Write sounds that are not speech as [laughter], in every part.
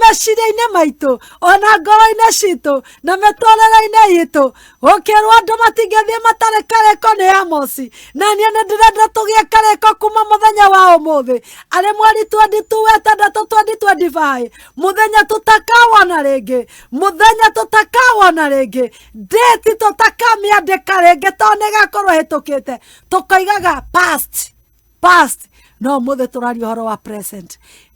meciria-inĩ maitũ ona ngoro-inĩ citũ na mĩtũrĩre-inĩ itũ gũkĩrwo andũ matingĩthiĩ matarĩ karĩko nĩ amosi na niĩ nĩ ndĩrenda tũgĩe karĩko kuma mũthenya wa ũmũthĩ arĩ mweri 22 wetandatũ 2025 mũthenya tũtakawona rĩngĩ mũthenya tũtakawona rĩngĩ ndĩti tũtakamĩandĩka rĩngĩ to nĩ gakorwo hĩtũkĩte tũkoigaga past past no må thä tå raria wa present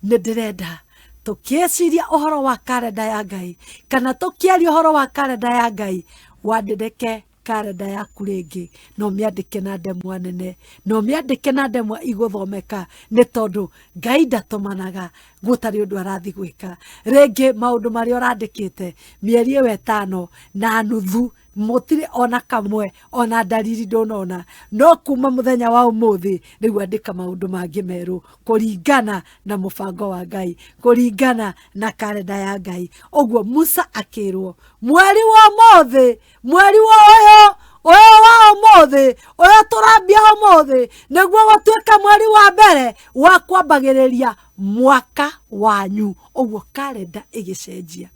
nä ndä tukieciria uhoro wa karenda ya ngai kana tukiaria uhoro wa karenda ya ngai wandindeke karenda yaku rĩngĩ na ũmĩandĩke na ndemwa nene na ũmĩandĩke na ndemwa igũthomeka ni tondu ngai ndatũmanaga gutari undu arathi gwika rĩngĩ maundu marĩa urandikite mĩeri ĩyo tano na nuthu mutire ona kamwe ona ndariri ndunona no kuma muthenya wa umuthi riu andika maundu mangi meru kuringana na mufango wa ngai kuringana na karenda ya ngai uguo musa akirwo mweri wa umuthi mweri wa uyu uyu wa umuthi uyu turambia umuthi niguo gutuika mweri wa mbere wa kwambagiriria mwaka wanyu uguo karenda igicenjia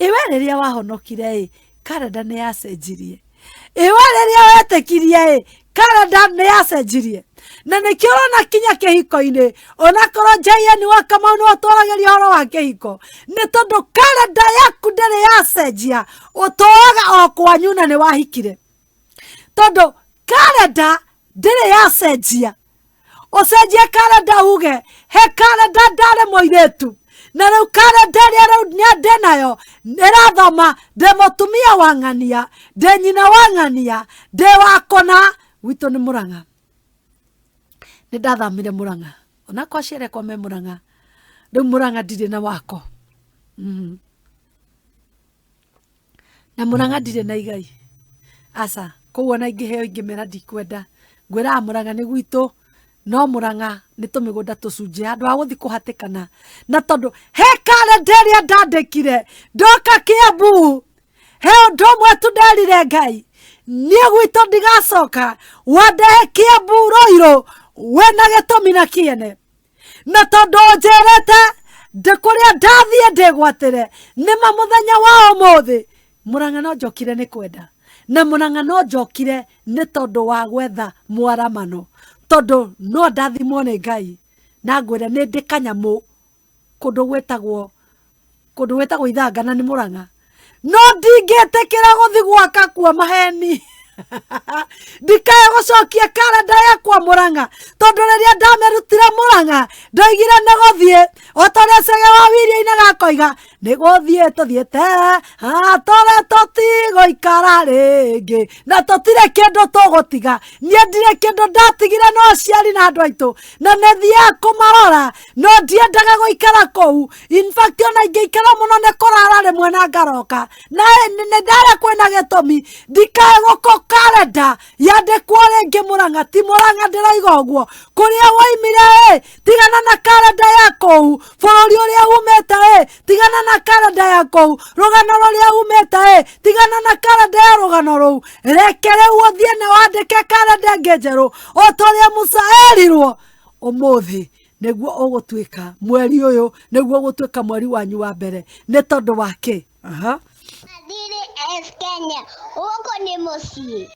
iwe riria wahonokire karenda nä yacenjirie iwa rä rä a wetä ä karenda nä yacenjirie na nä kä å kinya kä hiko-inä onakorwo njaiani waka kamau nä watwaragäria å horo wa kä hiko nä tondå karenda yaku rä yacenjia å tåaga o kwanyu na nä wahikire tondå karenda rä yacenjia å cenjie karenda uge he karenda ndarä må irä tu na rä u karendari rä u nä ndä nayo ä rathoma ndä må tumia wa ng'ania ndä nyina wa ng'ania ndä wakona witå nä må ranga nä ndathamire må ranga onakwa ciarekwa me må ranga rä u må ranga ndirä na wako mm-hmm. na må ranga ndirä na igai aca koguo ona ingä heo ingä mera ndikwenda ngwä raga må ranga nä gwitå no muranga ni tumigunda tucunje andu aguthi kuhatikana na tondu he kalenda iria ndandikire ndoka kiambu he undu umwe tu nderire ngai nie gwito ndigacoka wandehe kiambu roiru wena gitumi na kiene na tondu njirite ndikuria ndathie ndigwatire nima muthenya wa umuthi muranga no njokire ni kwenda na muranga no njokire ni tondu wa gwetha mwaramano tondå no ndathimwo nä ngai na ngwä nä ndä kanyamå kå ndå gwätagwo kå ndå gwätagwo ithangana nä må ranga no ndingä tä kä ra gå thi gwaka kua maheni [laughs] ndikae gũcokia karenda yakwa mũrang'a tondũ rĩrĩa ndamerutire mũrang'a ndoigire nĩ gũthiĩ o ta ũrĩa cege wa wiria-inĩ gakoiga nĩ gũthiĩ tũthiĩte atore ikara rĩngĩ na tũtirĩ kĩndũ tũgũtiga niĩ ndirĩ kĩndũ ndatigire no aciari na andũ aitũ na nĩ thiaga kumarora no ndiendaga ikara kũu infact ona ingĩikara mũno nĩ kũrara rimwe na ngaroka nä ndara kwena gätåmi ndikae gå kå karenda yandäkwo rä ngä må rang'a ti må rang'a ndä roiga å guo kå rä a waimire ä tigana na karenda ya kå u bå rå ri å rä a umete ä tigana na karenda ya kå u rå gano rå rä a umä te ä tigana na karenda ya rå gano rå u reke rä u å thiä nä wandä ke karenda ngä njerå o ta rä a musa erirwo å må thä tuä ka mweri gå tuä ka mweri wanyu wa mbere nä tondå wa kĩ? Aha. Mwathiri S Kenya, gũkũ nĩ